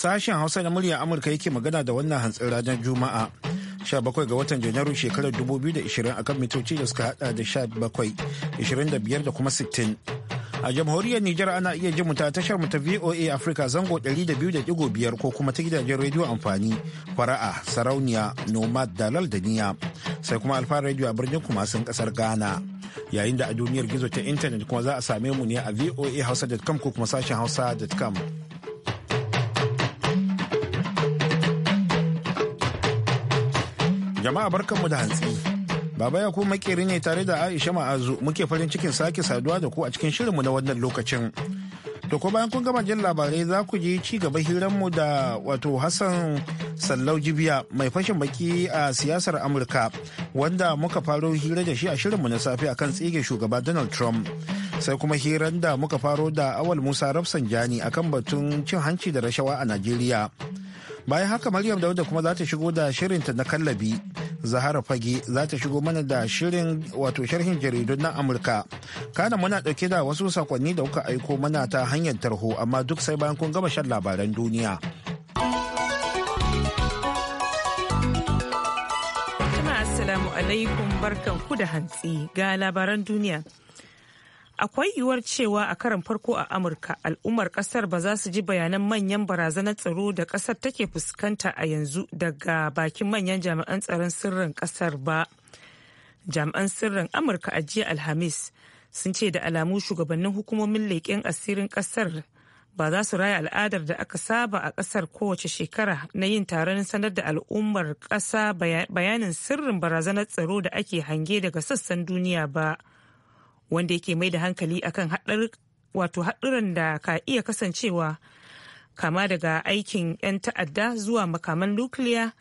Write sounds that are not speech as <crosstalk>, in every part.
Sashen Hausa na murya Amurka yake magana da wannan hantsin ranar Juma'a. 17 ga watan Janairu shekarar 2020 akan mitoci da suka hada da 17, 25 da kuma 60. A jamhuriyar Nijar ana iya jin ta tashar mu ta VOA Africa zango 200.5 ko kuma ta gidajen rediyo amfani fara'a sarauniya nomad dalal da niya sai kuma alfa rediyo a birnin kumasin kasar Ghana. Yayin da a duniyar gizo ta intanet kuma za a same mu ne a VOA hausa.com ko kuma sashen hausa.com. Jama'a barkanmu da hantsi. Baba ya ku makeri ne tare da Aisha Ma'azu muke farin cikin sake saduwa da ku a cikin mu na wannan lokacin. To ko bayan kun gama jin labarai za ku je ci gaba hiranmu da wato Hassan Sallau Jibiya mai fashin baki a siyasar Amurka wanda muka faro hira da shi a shirinmu na safe akan tsige shugaba Donald Trump. sai kuma hiran da muka faro da awal musa rafsanjani akan batun cin hanci da rashawa a najeriya bayan haka maryam dauda kuma za ta shigo da shirinta na kallabi zahara fage za ta shigo mana da shirin wato sharhin jaridun na amurka kana muna dauke da wasu sakonni da kuka aiko mana ta hanyar tarho amma duk sai bayan kun gama shan labaran duniya Assalamu alaikum barkan ku da hantsi ga labaran duniya. akwai yiwuwar cewa a karan farko a amurka al'ummar kasar ba za su ji bayanan manyan barazanar tsaro da kasar take fuskanta a yanzu daga bakin manyan jami'an tsaron sirrin kasar ba jami'an sirrin amurka a jiya alhamis sun ce da alamu shugabannin hukumomin leƙen asirin kasar ba za su raya al'adar da aka saba a kasar kowace shekara na yin taron sanar da al'ummar ƙasa bayanin sirrin barazanar tsaro da ake hange daga sassan duniya ba. wanda yake mai da hankali akan wato haɗuran da ka iya kasancewa kama daga aikin 'yan ta'adda zuwa makaman nukiliya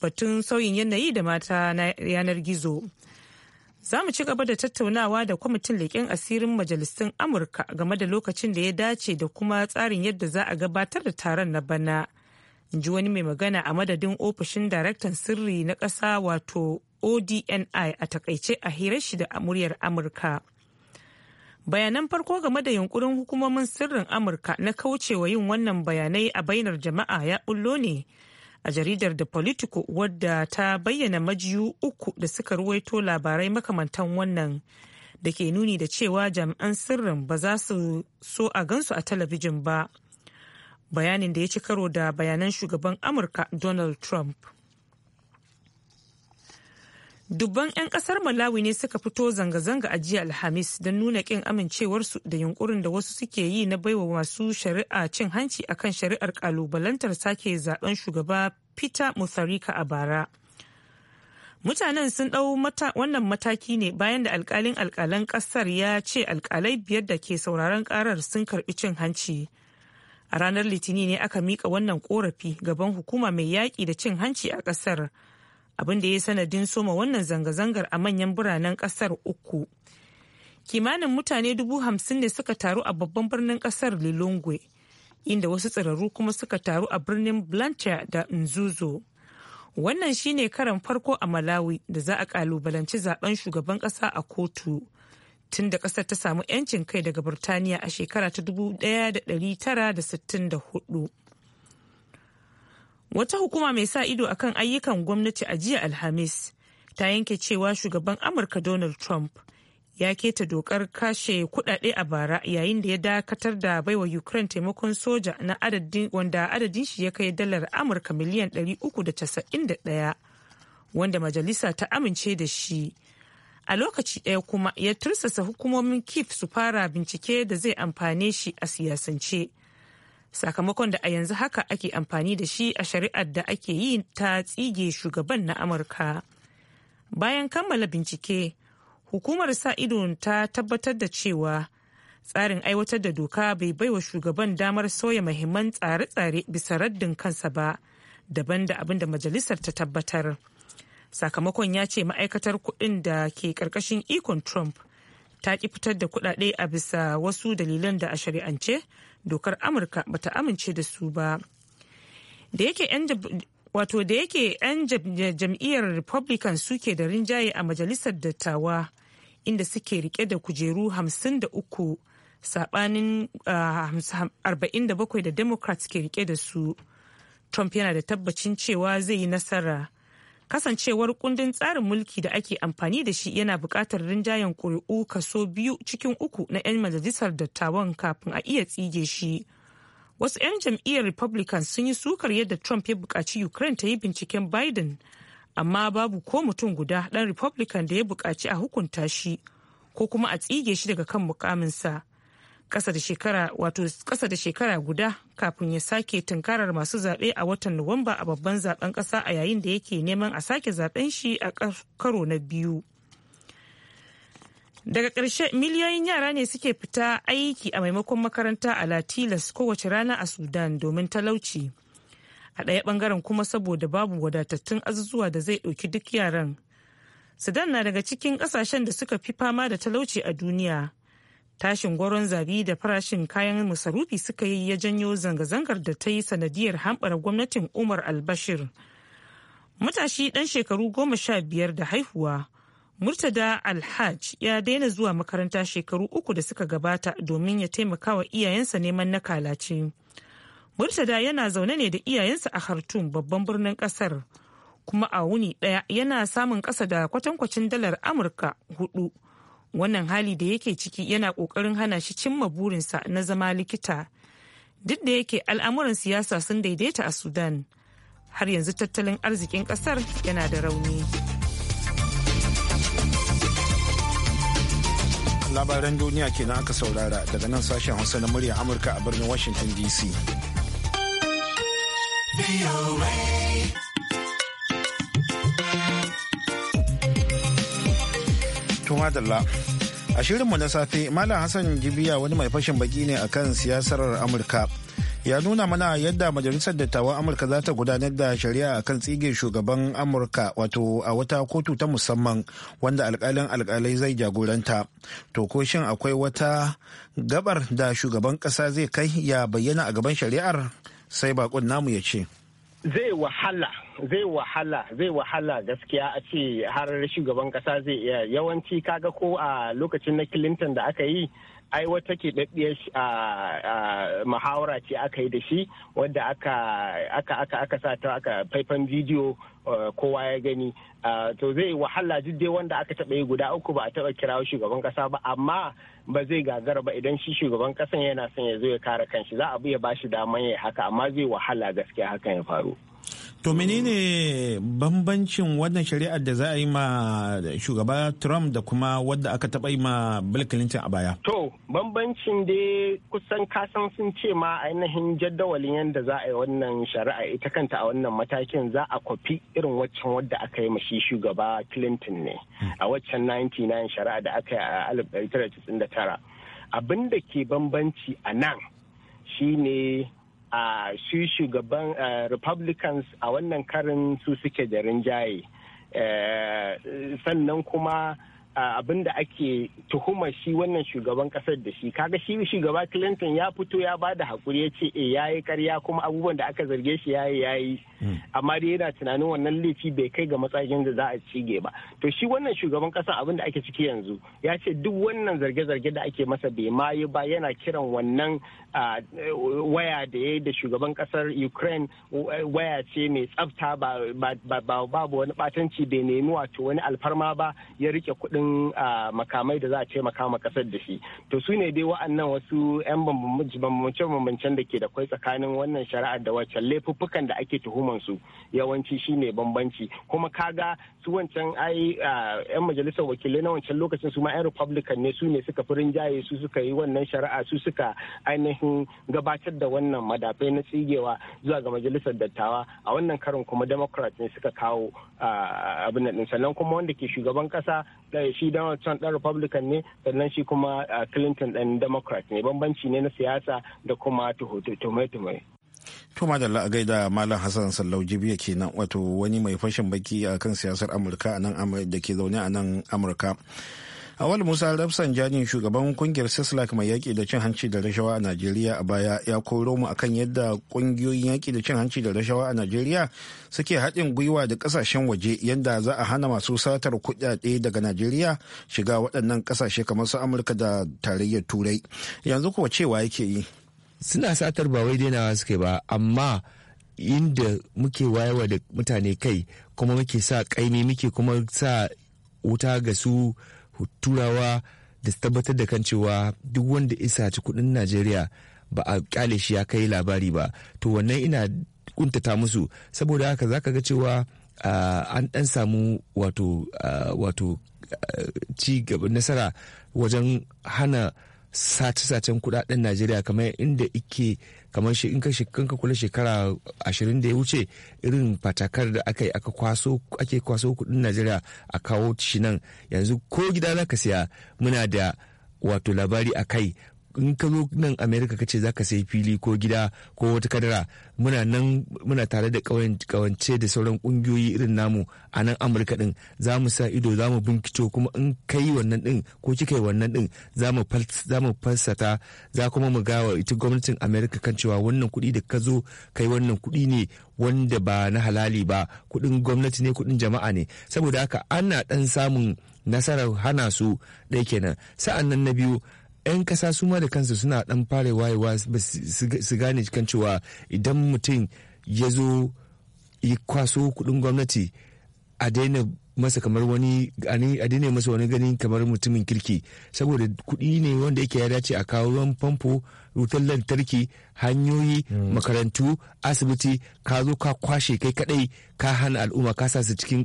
batun sauyin yanayi da mata na yanar gizo za mu ci gaba da tattaunawa da kwamitin leƙen asirin majalisun amurka game da lokacin da ya dace da kuma tsarin yadda za a gabatar da taron na bana in ji wani mai magana a madadin ofishin daraktan sirri na ƙasa wato odni a takaice a hirar shi da muryar amurka bayanan farko game da yunkurin hukumomin sirrin amurka na kaucewa yin wannan bayanai a bainar jama'a ya bullo ne a jaridar da politico wadda ta bayyana majiyu uku da suka ruwaito labarai makamantan wannan da ke nuni da cewa jami'an sirrin ba za su so a gansu a talabijin ba bayanin da ya ci karo da bayanan shugaban amurka donald trump Dubban 'yan kasar Malawi ne suka fito zanga-zanga a jiya Alhamis don nuna kin amincewarsu da yunkurin da wasu suke yi na baiwa masu shari'a cin hanci a kan shari'ar kalubalantar sake zaben shugaba Peter Mutharika a bara. Mutanen sun ɗau wannan mataki ne bayan da alkalin alkalan ƙasar ya ce alkalai biyar da ke sauraron ƙarar sun karɓi cin hanci. A ranar litini ne aka miƙa wannan ƙorafi gaban hukuma mai yaƙi da cin hanci a ƙasar. abin da ya sanadin soma wannan zanga-zangar a manyan biranen kasar uku kimanin mutane dubu hamsin ne suka taru a babban birnin kasar lilongwe inda wasu tsirarru kuma suka taru a birnin blanchard da nzuzo wannan shine karan farko a malawi da za a kalubalanci zaben shugaban kasa a kotu tun da kasar ta samu 'yancin kai daga birtaniya a shekara ta 1964 Wata hukuma mai sa ido a kan ayyukan gwamnati a jiya Alhamis ta yanke cewa shugaban Amurka Donald Trump ya keta dokar kashe kudade a bara yayin da ya dakatar da baiwa Ukraine taimakon soja na adadin wanda adadin shi ya kai dalar Amurka miliyan 391 wanda majalisa ta amince da shi. A lokaci ɗaya kuma ya tursasa hukumomin kif su fara bincike da zai amfane shi a siyasance. sakamakon da a yanzu haka ake amfani da shi a shari'ar da ake yi ta tsige shugaban na amurka bayan kammala bincike hukumar sa ido ta tabbatar da cewa tsarin aiwatar da doka bai baiwa shugaban damar soya mahimman tsare-tsare bisa raddin kansa ba daban da abin da majalisar ta tabbatar sakamakon ya ce ma'aikatar kuɗin da ke ƙarƙashin ikon trump ta ki fitar da kuɗaɗe a bisa wasu dalilan da a shari'ance dokar amurka ba ta amince da su ba da yake 'yan wato da yake 'yan jam'iyyar republican suke da rinjaye a majalisar dattawa inda suke rike da kujeru 53 sabanin 47 da democrats ke rike da su trump yana da tabbacin cewa zai yi nasara kasancewar kundin tsarin mulki da ake amfani da shi yana buƙatar rinjayen ƙuri'u kaso biyu cikin uku na 'yan majalisar dattawan kafin a iya tsige shi wasu 'yan jam'iyyar republican sun yi sukar yadda trump ya bukaci ukraine ta yi binciken biden amma babu ko mutum guda ɗan republican da ya bukaci a hukunta shi ko kuma a tsige shi daga kan mukaminsa kasa da shekara wato kasa da shekara guda kafin ya sake tunkarar masu zaɓe a watan nuwamba a babban zaben ƙasa a yayin da yake neman a sake zaben shi a karo na biyu daga ƙarshe miliyoyin yara ne suke fita aiki a maimakon makaranta a latilas kowace rana a sudan domin talauci a ɗaya ɓangaren kuma saboda babu wadatattun azuzuwa da zai ɗauki duk yaran sudan na daga cikin ƙasashen da suka fi fama da talauci a duniya tashin gwaron zabi da farashin kayan masarufi suka yi ya janyo zanga-zangar da ta yi sanadiyar hamɓar gwamnatin umar albashir matashi ɗan shekaru goma sha biyar da haihuwa murtada alhaj ya daina zuwa makaranta shekaru uku da suka gabata domin ya taimaka wa iyayensa neman na kalace murtada yana zaune ne da iyayensa a hartun babban birnin kasar kuma a wuni ɗaya yana samun ƙasa da kwatankwacin dalar amurka hudu wannan hali da yake ciki yana ƙoƙarin hana shi cimma burinsa na zama likita duk da yake al'amuran siyasa sun daidaita a sudan har yanzu tattalin arzikin ƙasar yana da rauni labaran duniya kenan aka saurara daga nan sashen hausa na murya amurka a birnin washington dc to madalla. A shirinmu na safe, Malam Hassan Jibiya wani mai fashin baki ne akan siyasar Amurka. Ya nuna mana yadda Majalisar Dattawan Amurka za ta gudanar da shari'a akan tsige shugaban Amurka wato a wata kotu ta musamman wanda alkalin alkalai zai jagoranta. To ko shin akwai wata gabar da shugaban kasa zai kai ya bayyana a gaban shari'ar sai bakon namu ya ce. zai wahala zai wahala zai wahala gaskiya a ce har shugaban kasa zai iya yawanci kaga ko a lokacin na clinton da aka yi ai wata keɓaɓɓiyar muhawara ce aka yi da shi wanda aka aka sa ta aka faifan bidiyo uh, kowa ya gani uh, to zai wahala duk dai wanda aka taɓa yi guda uku ba a taɓa kirawo shugaban ƙasa ba amma ba zai gagara ba idan shi shugaban ƙasan yana son ya zo ya kare kanshi za a iya ba shi daman ya haka amma zai wahala gaskiya hakan ya faru. To menene bambancin wannan shari'ar da za a yi ma shugaba Trump da kuma wadda aka taɓa yi ma Bill Clinton a baya? To bambancin dai kusan kasan sun ce ma ainihin jadawalin yadda za a yi wannan shari'a ita kanta a wannan matakin za a kwafi irin waccan wadda aka yi ma shi shugaba Clinton ne a waccan 99 shari'a da aka yi a 1999. Abin da ke bambanci a nan shi ne. a shi shugaban republicans a wannan karin su suke da rinjaye eh, sannan kuma abin da ake tuhuma shi wannan shugaban kasar da shi kaga shi shugaba clinton ya fito ya ba da hakuri ya ce e eh, yayi karya kuma abubuwan da aka zarge shi yayi yayi hmm. amma dai yana tunanin wannan laifi bai kai ga matsayin da za a cige ba to shi wannan shugaban kasar abin da ake ciki yanzu ya ce duk wannan zarge-zarge da ake masa bai ma yi ba yana kiran wannan waya da ya da shugaban kasar ukraine waya ce mai tsafta ba babu wani batanci bai nemi wato wani alfarma ba ya rike kuɗin kudin makamai da za a ce makama kasar da shi to su ne dai wa'annan wasu 'yan bambancen da ke da kwai tsakanin wannan shari'ar da waccan laifuffukan da ake tuhuman su yawanci shine bambanci kuma kaga su wancan ai 'yan majalisar wakilai na wancan lokacin su ma 'yan republican ne su ne suka fi rinjaye su suka yi wannan shari'a su suka ainihin gabatar da wannan madafai na tsigewa zuwa ga majalisar dattawa a wannan karin kuma democrat ne suka kawo abin nan sannan kuma wanda ke shugaban kasa eh, shi Donald Trump ɗan Republican ne sannan shi kuma Clinton ɗan Democrat ne bambanci ne na siyasa da kuma tumai-tumai. To dalla a gaida Malam Hassan Sallau Jibiya kenan wato wani mai fashin baki a kan siyasar Amurka a nan da ke zaune a nan Amurka. awal musa rafsan janin shugaban kungiyar sislak mai yaƙi da cin hanci da rashawa a najeriya a baya ya koro mu akan yadda kungiyoyin yaƙi da cin hanci da rashawa a najeriya suke haɗin gwiwa da ƙasashen waje yadda za a hana masu satar kuɗaɗe daga najeriya shiga waɗannan ƙasashe kamar su amurka da tarayyar turai yanzu kuwa cewa yake yi suna satar ba wai dainawa suke ba amma inda muke wayewa da mutane kai kuma muke sa kaimi muke kuma sa wuta ga su turawa da tabbatar da kan cewa duk wanda isa ci kudin najeriya ba a kyale shi ya kai labari ba to wannan ina kuntata musu saboda haka zaka ga cewa an dan samu wato wato ci gaba nasara wajen hana sace-sacen kudaden najeriya kamar inda ike kamar shi in ka kanka kula shekara ashirin da ya wuce irin fatakar da aka yi aka kwaso ake kwaso kudin najeriya a kawo shi nan yanzu ko gida za ka siya muna da wato labari a kai in ka zo nan america ka ce za ka sayi fili ko gida ko wata kadara muna nan muna tare da kawance da sauran kungiyoyi irin namu a nan amurka din za mu sa ido za mu binkito kuma in ka yi wannan din ko kika yi wannan din za mu falsata za kuma mu gawa ita gwamnatin america kan cewa wannan kuɗi da ka zo kai wannan kuɗi ne wanda ba na halali ba kuɗin gwamnati ne kuɗin jama'a ne saboda haka ana ɗan samun nasarar hana su ɗaya kenan sa'an nan na biyu 'yan kasa su ma da kansu suna dan fara wayewa su gane kan cewa idan mutum ya zo ya kwaso kudin gwamnati a daina masa kamar wani a ne masa wani gani kamar mutumin kirki saboda kuɗi ne wanda yake ya dace a kawo ruwan famfo wutar lantarki hanyoyi hmm. makarantu asibiti ka zo ka kwashe kai kadai ka hana al'umma ka sa su cikin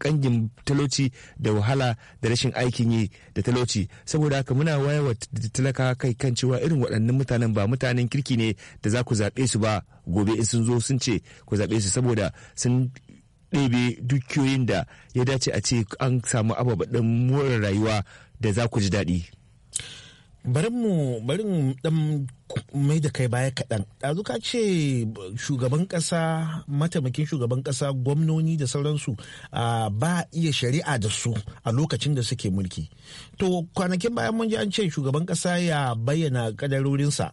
kangin talauci da wahala da rashin aikin yi da talauci saboda haka muna wayewa talaka kai kan cewa irin waɗannan mutanen ba mutanen kirki ne da za ku zaɓe su ba gobe in sun zo sun ce ku zaɓe su saboda sun ɗebe dukiyoyin da ya dace a ce an samu ababaɗin more rayuwa da za ku ji daɗi. Barin mu barin dan mai da kai baya kaɗan. Ɗazu ka ce shugaban ƙasa mataimakin shugaban ƙasa gwamnoni da sauransu ba iya shari'a da su a lokacin da suke mulki. To kwanakin bayan mun ji an ce shugaban ƙasa ya bayyana ƙadarorinsa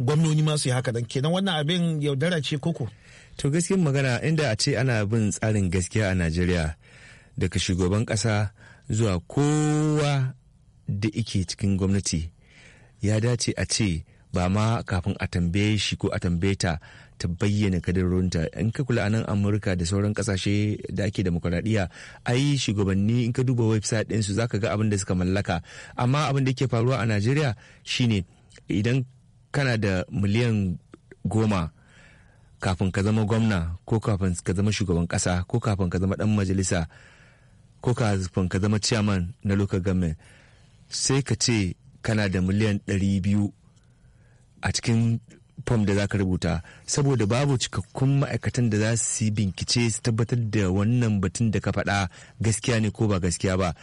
gwamnoni ma su yi haka nan kenan wannan abin yaudara ce koko. to gaskiyar magana inda a ce ana bin tsarin gaskiya a najeriya daga shugaban kasa zuwa kowa da ike cikin gwamnati ya dace a ce ba ma kafin a tambaye shi ko a tambaye ta ta bayyana kadarorinta in ka kula anan nan amurka da sauran kasashe da ake demokuraɗiyya ai shugabanni in ka duba website ɗinsu za ka ga abin da suka mallaka amma abin da yake faruwa a najeriya shine idan kana da miliyan goma kafin ka zama gwamna ko kafin ka zama shugaban kasa ko kafin ka zama dan majalisa ko kafin ka zama chairman na local government sai ka ce kana da miliyan biyu a cikin fom da za ka rubuta saboda babu cikakkun ma'aikatan da za su yi bincike su tabbatar da wannan batun da ka faɗa gaskiya ne ko ba gaskiya ba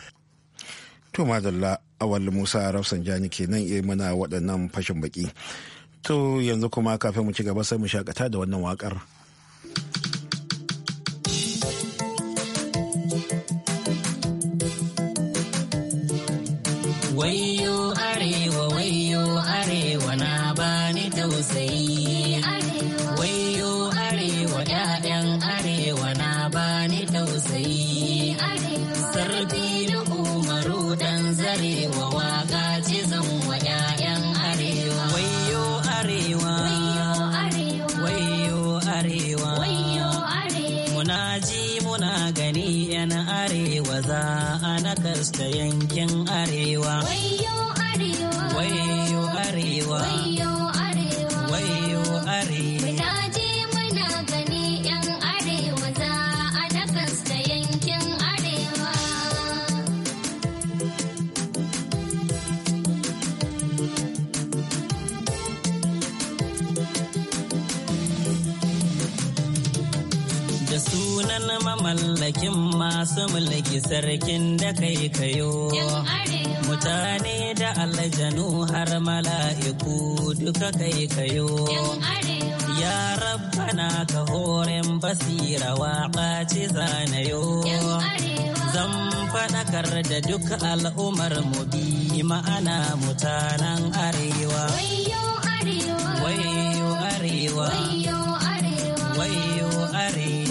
to madalla awal musa rafsanjani kenan iya mana waɗannan fashin baki To yanzu kuma kafin mu ci gaba sai mu shakata da wannan waƙar. Wai mallakin masu mulki sarkin da kai kayo. Mutane da aljanu har mala'iku duka kai kayo. Ya rabbana ka horin basira wa ɓaci zanayo. Zan faɗakar da duk al'ummar mu bi ma'ana mutanen arewa. Wayo arewa. Wayo arewa. Wayo arewa.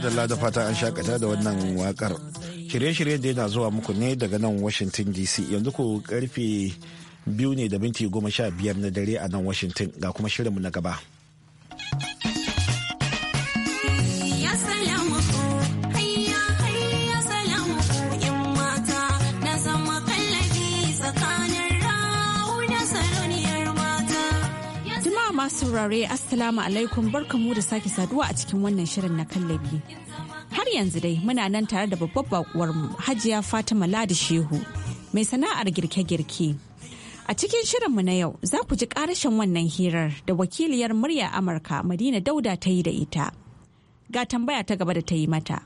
kuma da fata an shakata da wannan wakar. Shirye-shirye da yana zuwa muku ne daga nan Washington DC yanzu ku karfe biyu ne da minti goma sha biyar na dare a nan Washington ga kuma shirinmu na gaba. saurare Assalamu alaikum barkamu da sake saduwa a cikin wannan shirin na kallabi. Har yanzu dai muna nan tare da babbar bakuwar Hajiya Fatima Ladi Shehu mai sana'ar girke-girke. A cikin shirinmu na yau za ku ji karashin wannan hirar da wakiliyar murya Amurka Madina Dauda ta yi da ita. Ga tambaya ta gaba da ta yi mata.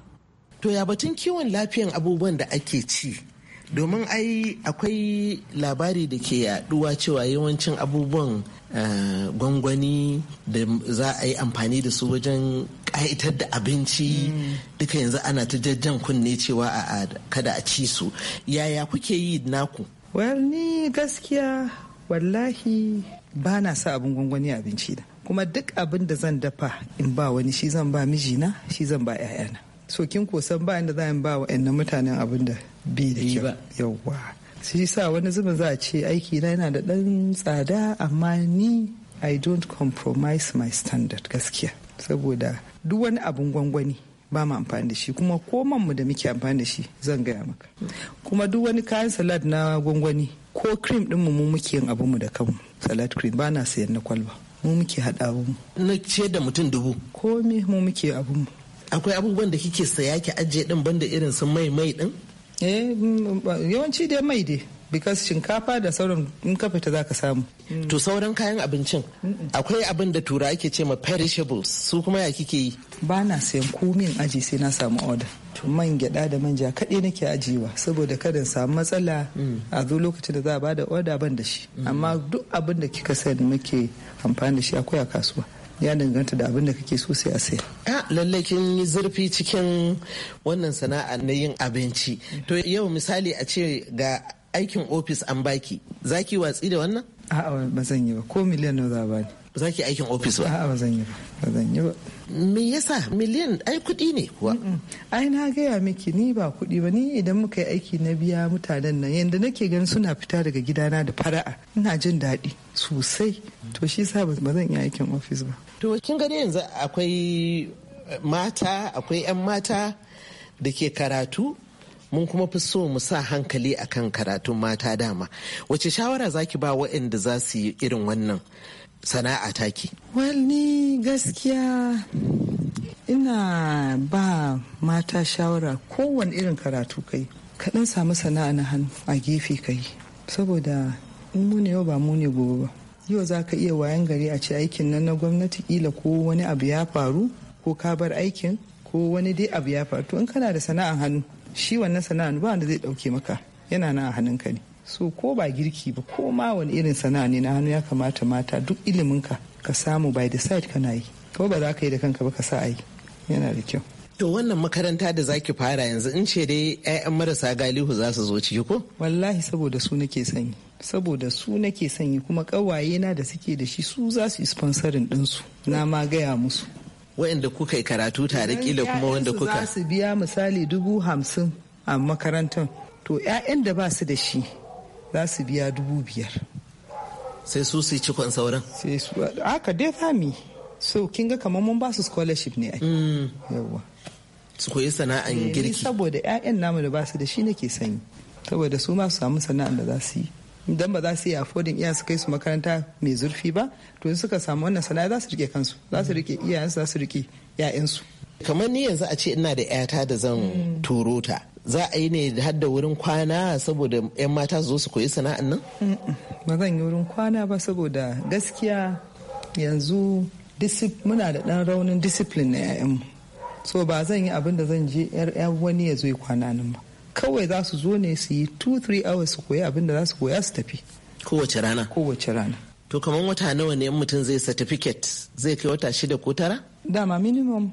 To ya batun kiwon lafiyan abubuwan da ake ci domin ai akwai labari da ke yaduwa cewa yawancin abubuwan eh, gwangwani da za a yi amfani da su wajen kaitar da abinci mm. duka yanzu ana ta jajjan kunne cewa a kada a ci su yaya kuke yi naku Wani ni gaskiya wallahi ba na sa abin gwangwani abinci da kuma duk abin da zan dafa in ba wani shi zan ba mijina shi zan ba 'ya'yana so kin san ba inda za a ba wa mutanen abin da bi da kyau yawwa shi sa wani zuba za a ce aiki na yana da ɗan tsada amma ni i don't compromise my standard gaskiya saboda duk wani abin gwangwani ba mu amfani da shi kuma man mu da muke amfani da shi zan gaya maka kuma duk wani kayan salad na gwangwani ko cream din mu muke yin abin mu da kanmu salad cream ba na sayan na kwalba mu muke hada abin mu na ce da mutum dubu ko me mu muke abin mu akwai abubuwan da kike saya ki ajiye din banda irin su mai mai din eh mm, yawanci dai mai dai because shinkafa da sauran in ka fita zaka samu. Mm. To sauran kayan abincin akwai abin da tura ake ce ma perishables su kuma ya kike yi? Ba na sayan komin aji sai na samu order. man gyada da manja kaɗai nake ajiyewa saboda kada samu matsala mm. a zo lokacin da za a bada order ban da shi amma duk abin da kika da muke amfani da shi akwai a kasuwa. ya danganta da abin da kake so sai a saya. a lallai kin yi zurfi cikin wannan sana'a na yin abinci. To yau misali a ce ga aikin ofis an baki, za ki watsi da wannan? A'a ba zan yi ba, ko miliyan nawa za ba ni. Ba za ki aikin ofis ba? A'a ba zan yi ba, ba zan yi ba. Me yasa miliyan ai kuɗi ne kuwa? Ai na gaya miki ni ba kuɗi ba ni idan muka yi aiki na biya mutanen nan yanda nake gan suna fita daga gidana da fara'a ina jin daɗi sosai to shi sa ba zan yi aikin ofis ba. to kin gani yanzu akwai mata akwai 'yan mata da ke karatu mun kuma fi so mu sa hankali akan karatun mata dama wace shawara zaki ba waɗanda za su yi irin wannan sana'a taki wani gaskiya ina ba mata shawara kowane irin karatu kai kaɗan samu sana'a na hannu a gefe kai saboda mu ne yau ba mu gobe ba yau za ka iya wayan gari a ci aikin nan na gwamnati kila ko wani abu ya faru ko ka bar aikin ko wani dai abu ya faru to in kana da sana'an hannu shi wannan sana'an ba wanda zai dauke maka yana nan a ka ne so ko ba girki ba ko ma wani irin sana'a ne na hannu ya kamata mata duk ilimin ka ka samu by the side kana yi ko ba za ka yi da kanka ba ka sa a yi yana da kyau To wannan makaranta da zaki fara yanzu in ce dai 'ya'yan marasa galihu za su zo ciki ko? Wallahi saboda su nake sanyi. saboda su nake sanyi kuma kawaye na da suke da shi su za su yi sponsorin dinsu na ma gaya musu wa'inda kuka yi karatu tare kila kuma wanda kuka za su biya misali dubu hamsin a makarantar to 'ya'yan da ba su da shi za su biya dubu biyar sai su su cikon sauran sai su aka dai fami so kin ga kamar mun ba su scholarship ne ai mm. yawa su koyi sana'an eh, girki saboda 'ya'yan namu da ba su da shi nake sanyi saboda su ma su samu sana'an da za su yi dan ba za su iya affording iya su kai su makaranta mai zurfi ba to suka samu wannan sana'a za su rike kansu za su rike iyayensu za su rike 'ya'yansu kamar ni yanzu a ce ina da 'yata da zan mm. turo ta za a yi ne har da wurin kwana saboda 'yan mata su zo su koyi sana'an nan? ba zan yi wurin kwana ba saboda gaskiya yanzu muna da ɗan raunin discipline na yayan mu so ba zan yi abin da zan je 'yar wani ya zo kwana nan ba kawai za su zo ne su yi 2-3 hours su koya abin da za su koya su tafi kowace rana kowace rana to kamar wata nawa ne mutum zai certificate zai kai wata shida ko tara dama minimum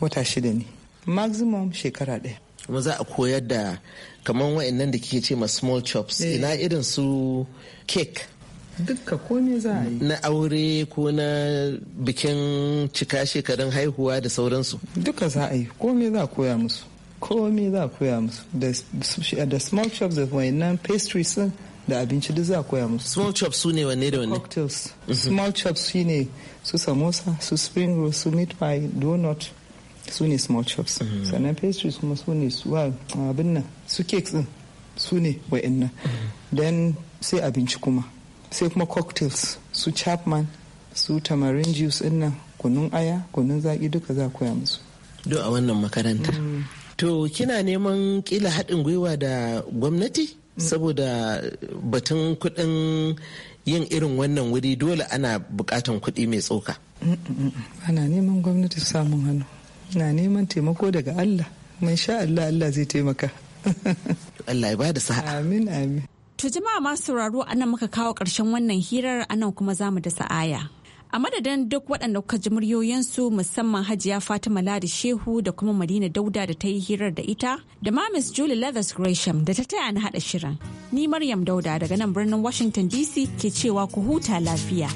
wata shida ne maximum shekara ɗaya kuma za a koyar da kamar wa'annan da kike ce ma small chops eh. ina irin su cake dukka ko ne za a yi na aure ko na bikin cika shekarun haihuwa da sauransu duka za a yi ko ne za a koya musu komai za a koya musu da small chops da wayannan pastries da abinci da za a koya musu small chops su ne wanne da wanne cocktails mhm. small chops shi ne su samosa su spring roll su meat pie donut su ne small chops mhm. sannan pastries kuma su ne su abin nan su cakes din su ne wayannan mhm. then sai abinci kuma sai kuma cocktails su chapman su tamarin juice din nan kunun aya kunun zaki duka za a koya musu Do a wannan makaranta mm. To kina neman kila haɗin gwiwa da gwamnati? Saboda batun kuɗin yin irin wannan wuri dole ana buƙatan kuɗi mai tsoka. Ana neman gwamnati samun hannu. Na neman taimako daga Allah. Mai sha Allah Allah zai taimaka. <laughs> Allah ya bada sa'a. Amin amin. To jama'a masu sauraro anan muka kawo ƙarshen wannan hirar anan kuma za mu da sa'aya. A madadin duk waɗanda kuka ji muryoyinsu musamman Hajiya Fatima Ladi Shehu da kuma Madina Dauda da ta yi hirar da ita da ma Miss Julie Leathers Gresham da ta taya na haɗa shirin. Ni Maryam Dauda daga nan birnin Washington DC ke cewa ku huta lafiya.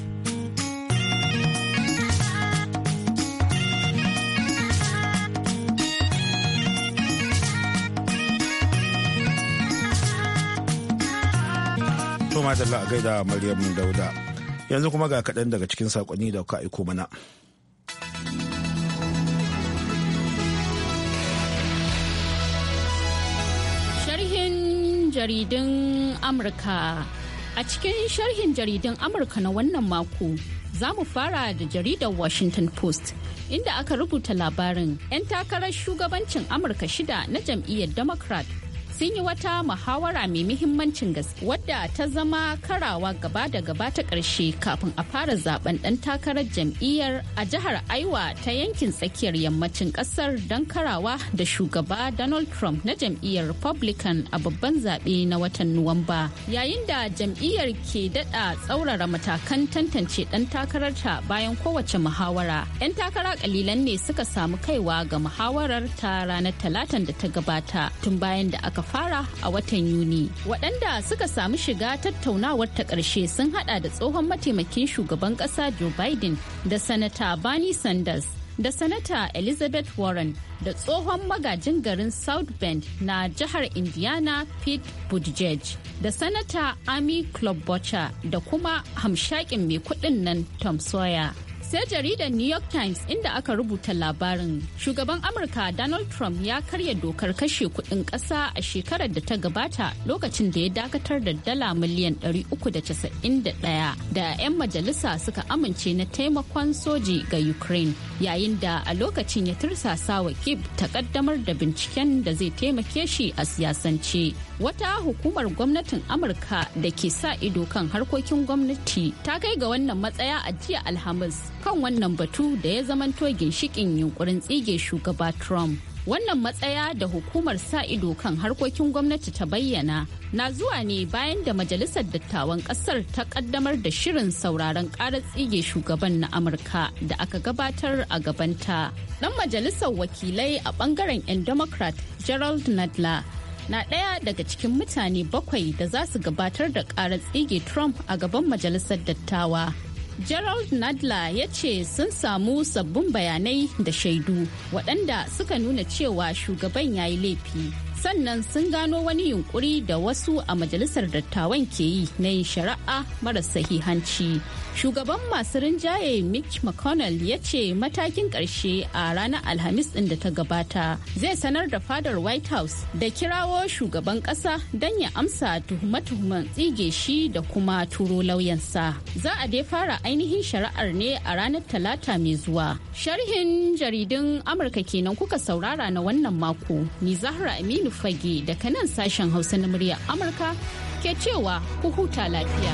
Toma da a gaida Maryam Dauda. yanzu kuma ga kaɗan daga cikin saƙonni da kuka aiko mana sharhin jaridun amurka a cikin sharhin jaridun amurka na wannan mako za mu fara da jaridar washington post inda aka rubuta labarin 'yan takarar shugabancin amurka shida na jam'iyyar democrat sun yi wata muhawara mai muhimmancin gaske wadda ta zama karawa gaba da gaba ta karshe kafin a fara zaben ɗan takarar jam'iyyar a jihar Aiwa ta yankin tsakiyar yammacin ƙasar don karawa da shugaba Donald Trump na jam'iyyar Republican a babban zaɓe na watan Nuwamba. Yayin da jam'iyyar ke daɗa tsaurara matakan tantance ɗan ta bayan kowace muhawara. 'Yan takara kalilan ne suka samu kaiwa ga muhawarar ta ranar talatan da ta gabata tun bayan da aka fara a watan Yuni. Waɗanda suka samu shiga tattaunawar ta ƙarshe sun haɗa da tsohon mataimakin shugaban ƙasa Joe Biden da Sanata Bernie Sanders da Sanata Elizabeth Warren da tsohon magajin garin South Bend na jihar Indiana Pete Buttigieg da Sanata Amy Klobuchar da kuma hamshakin mai kuɗin nan Tom Sawyer. sai jaridar new york times inda aka rubuta labarin shugaban amurka donald trump ya karya dokar kashe kudin kasa a shekarar da ta gabata lokacin da ya dakatar da dala miliyan 391 da 'yan majalisa suka amince na taimakon soji ga ukraine yayin da a lokacin ya tirsasa wa kib ta kaddamar da binciken da zai taimake shi a siyasance wata hukumar gwamnatin amurka da ke sa ido kan harkokin gwamnati ta kai ga wannan matsaya a jiya alhamis kan wannan batu da ya zamanto ginshikin yunkurin tsige shugaba trump wannan matsaya da hukumar sa ido kan harkokin gwamnati ta bayyana na zuwa ne bayan da majalisar dattawan kasar ta kaddamar da shirin sauraron karar tsige shugaban na amurka da aka gabatar a gabanta dan majalisar wakilai a bangaren 'yan democrat gerald nadler na ɗaya daga cikin mutane bakwai da za su gabatar da ƙarar tsige Trump a gaban majalisar dattawa. Gerald Nadler ya ce sun samu sabbin bayanai da shaidu waɗanda suka nuna cewa shugaban ya yi laifi. sannan sun gano wani yunkuri da wasu a majalisar dattawan ke yi na yin shari'a mara sahihanci shugaban masu rinjaye mitch mcconnell ya ce matakin ƙarshe a ranar alhamis ɗin da ta gabata zai sanar da fadar white house da kirawo shugaban kasa don ya amsa tuhume tsige shi da kuma turo lauyansa za a dai fara ainihin shari'ar ne a ranar talata mai zuwa sharhin jaridun amurka kenan kuka saurara na wannan mako ni zahra aminu fage daga nan sashen hausa na muryar amurka ke cewa ku huta lafiya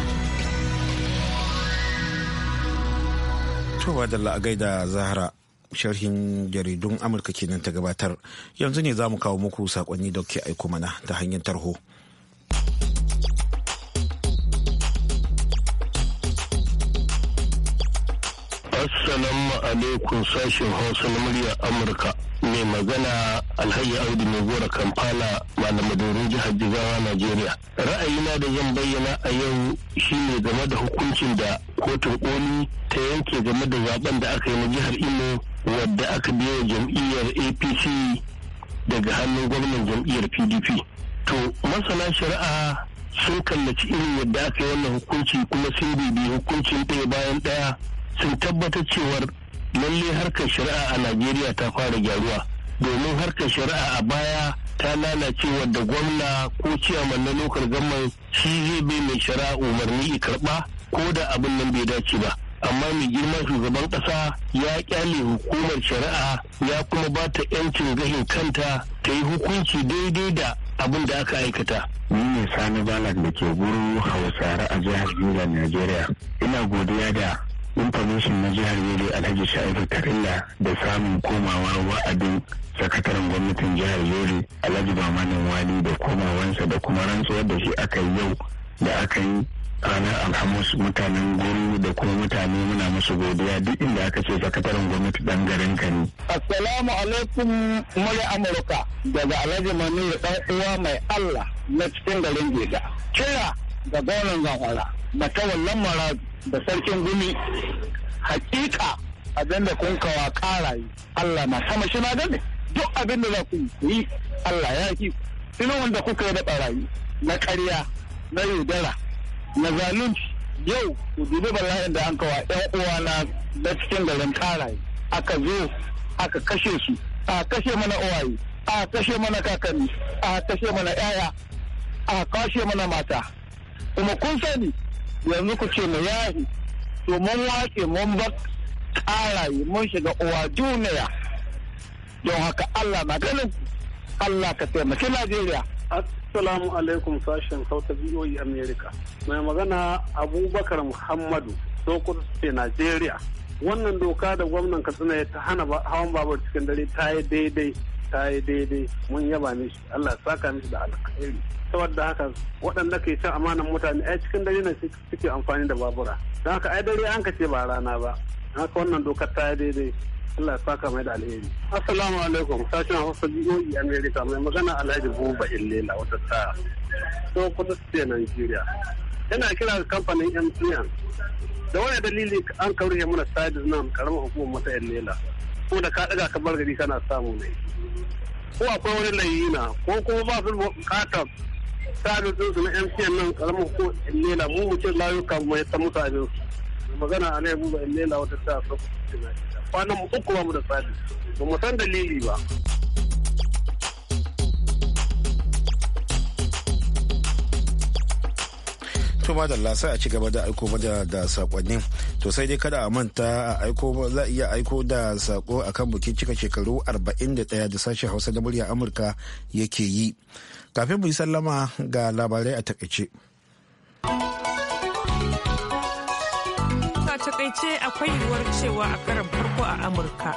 towa da zahara sharhin jaridun amurka kenan ta gabatar yanzu ne za mu kawo muku sakonni da ke aiko mana ta hanyar tarho Assalamu alaikum sashen Hausa na murya Amurka mai magana alhaji audu mai gora kampala malamadorin jihar jigawa najeriya ra'ayina da zan bayyana a yau shine game da hukuncin da kotun koli ta yanke game da zaben da aka yi na jihar imo wadda aka biyo jam'iyyar apc daga hannun gwamnan jam'iyyar pdp to masana shari'a sun kallaci irin yadda aka yi wannan hukunci kuma sun bibi hukuncin ɗaya bayan ɗaya sun tabbatar cewar lallai harkar shari'a a najeriya ta fara gyaruwa domin harkar shari'a a baya ta lalace wadda gwamna ko ciyaman na lokar gamman shi zai bai mai shari'a umarni i karba ko da abin nan bai dace ba amma mai girma shugaban kasa ya kyale hukumar shari'a ya kuma ba ta 'yancin gahin kanta ta yi hukunci daidai da abin da aka aikata. Ni ne Sani Balak da ke guru Hausare a jihar Yola, Najeriya. Ina godiya da information na jihar yobe alhaji sha'ifu karilla da samun komawa wa'adin sakataren gwamnatin jihar yobe alhaji bamanin wali da komawansa da kuma rantsuwar da shi aka yi yau da aka yi ranar alhamis mutanen guru da kuma mutane muna musu godiya duk inda aka ce sakataren gwamnati dan garin kani. ne. assalamu alaikum amurka daga alhaji manir dan uwa mai allah na cikin garin gida kira ga gwamnan zamfara matawallan maradu da sarkin gumi hakika abin da kun kawa kara yi Allah na sama shi na gane duk abin da za ku yi Allah ya ki filin wanda kuka yi da barayi na karya na yaudara na zalunci yau ku dubi bala'in da an kawa yan uwa na da cikin garin karaye aka zo aka kashe su a kashe mana uwaye a kashe mana kakanni a kashe mana yaya a kashe mana mata kuma kun sani yanzu ku ce mu yahi to mun wace mun bar karaye mun shiga uwa duniya don haka Allah na ganin Allah ka taimaki Najeriya. Assalamu alaikum sashen sauta biyoyi e America. Mai magana Abubakar Muhammadu Sokoto ce Najeriya. Wannan doka da gwamnan Katsina ya ta hana hawan babur cikin dare ta yi daidai ta yi daidai mun yaba mishi Allah saka mishi da alkhairi. saboda haka waɗanda ke cin amanan mutane ai cikin dare ne suke amfani da babura don haka ai dare an kace ba rana ba haka wannan dokar ta daidai Allah ya saka mai da alheri assalamu alaikum sashen hausa biyoyi e america mai magana alhaji buba illela wata ta so kudu ce nigeria yana kira kamfanin mtn da wani dalili an kaurihe mana sadis nan karamar hukumar mata illela ko da ka daga ka bar gari kana samu ne ko akwai wani layi layina ko kuma ba su bukatar sabis sun su na MTN nan karamin ko Lela mu mutum layuka mu ya ta musu magana a nan mu Lela wata ta so kwanan mu uku ba mu da sabis ba mu san dalili ba. to madalla sai a ci gaba da aiko mana da sakonni to sai dai kada a manta a aiko za iya aiko da sako akan bukin cika shekaru 41 da sashen hausa na murya amurka yake yi kafin mu yi sallama ga labarai a takaice. a takaice akwai yiwuwar cewa a karan farko a amurka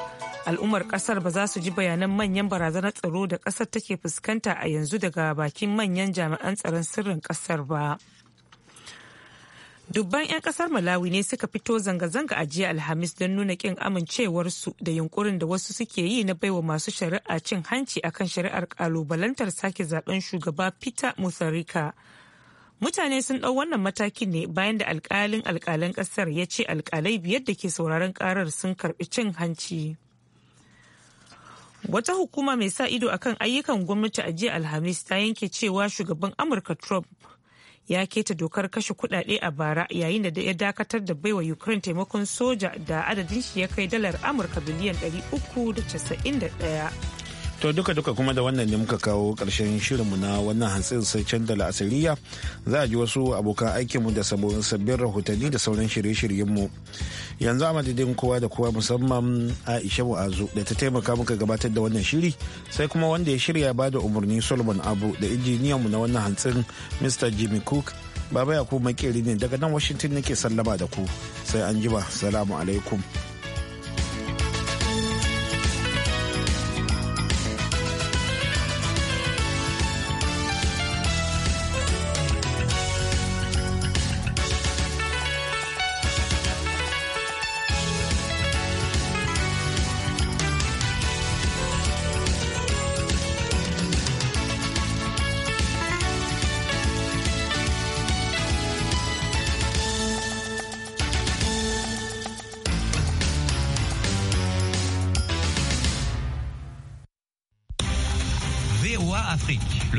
al'ummar kasar ba za su ji bayanan manyan barazanar tsaro da kasar take fuskanta a yanzu daga bakin manyan jami'an tsaron sirrin kasar ba. dubban 'yan kasar malawi ne suka fito zanga-zanga a jiya alhamis don nuna kin amincewarsu da yunkurin da wasu suke yi na baiwa masu shari'a cin hanci akan shari'ar kalubalantar sake zaben shugaba peter Musarika mutane sun ɗau wannan matakin ne bayan da alkalin alkalan ƙasar ya ce alkalai biyar da ke sauraron karar sun karɓi cin hanci wata hukuma mai sa ido akan ayyukan gwamnati a jiya alhamis ta yanke cewa shugaban amurka trump ya keta dokar kashe kudade a bara yayin da ya dakatar da baiwa ukraine taimakon soja da adadin shi ya kai dalar amurka biliyan 391 To duka-duka kuma da wannan ne muka kawo ƙarshen shirinmu na wannan hantsin sai can da la'asariya za a ji wasu abokan aikinmu da sabbin rahotanni da sauran shirye-shiryenmu. Yanzu a madadin kowa da kowa musamman Aisha Mu'azu da ta taimaka muka gabatar da wannan shiri sai kuma wanda ya shirya ba da umarni Solomon Abu da injiniyanmu na wannan hantsin Mr. Jimmy Cook. Baba ku Makeri ne daga nan Washington nake sallama da ku sai an jima salamu alaikum.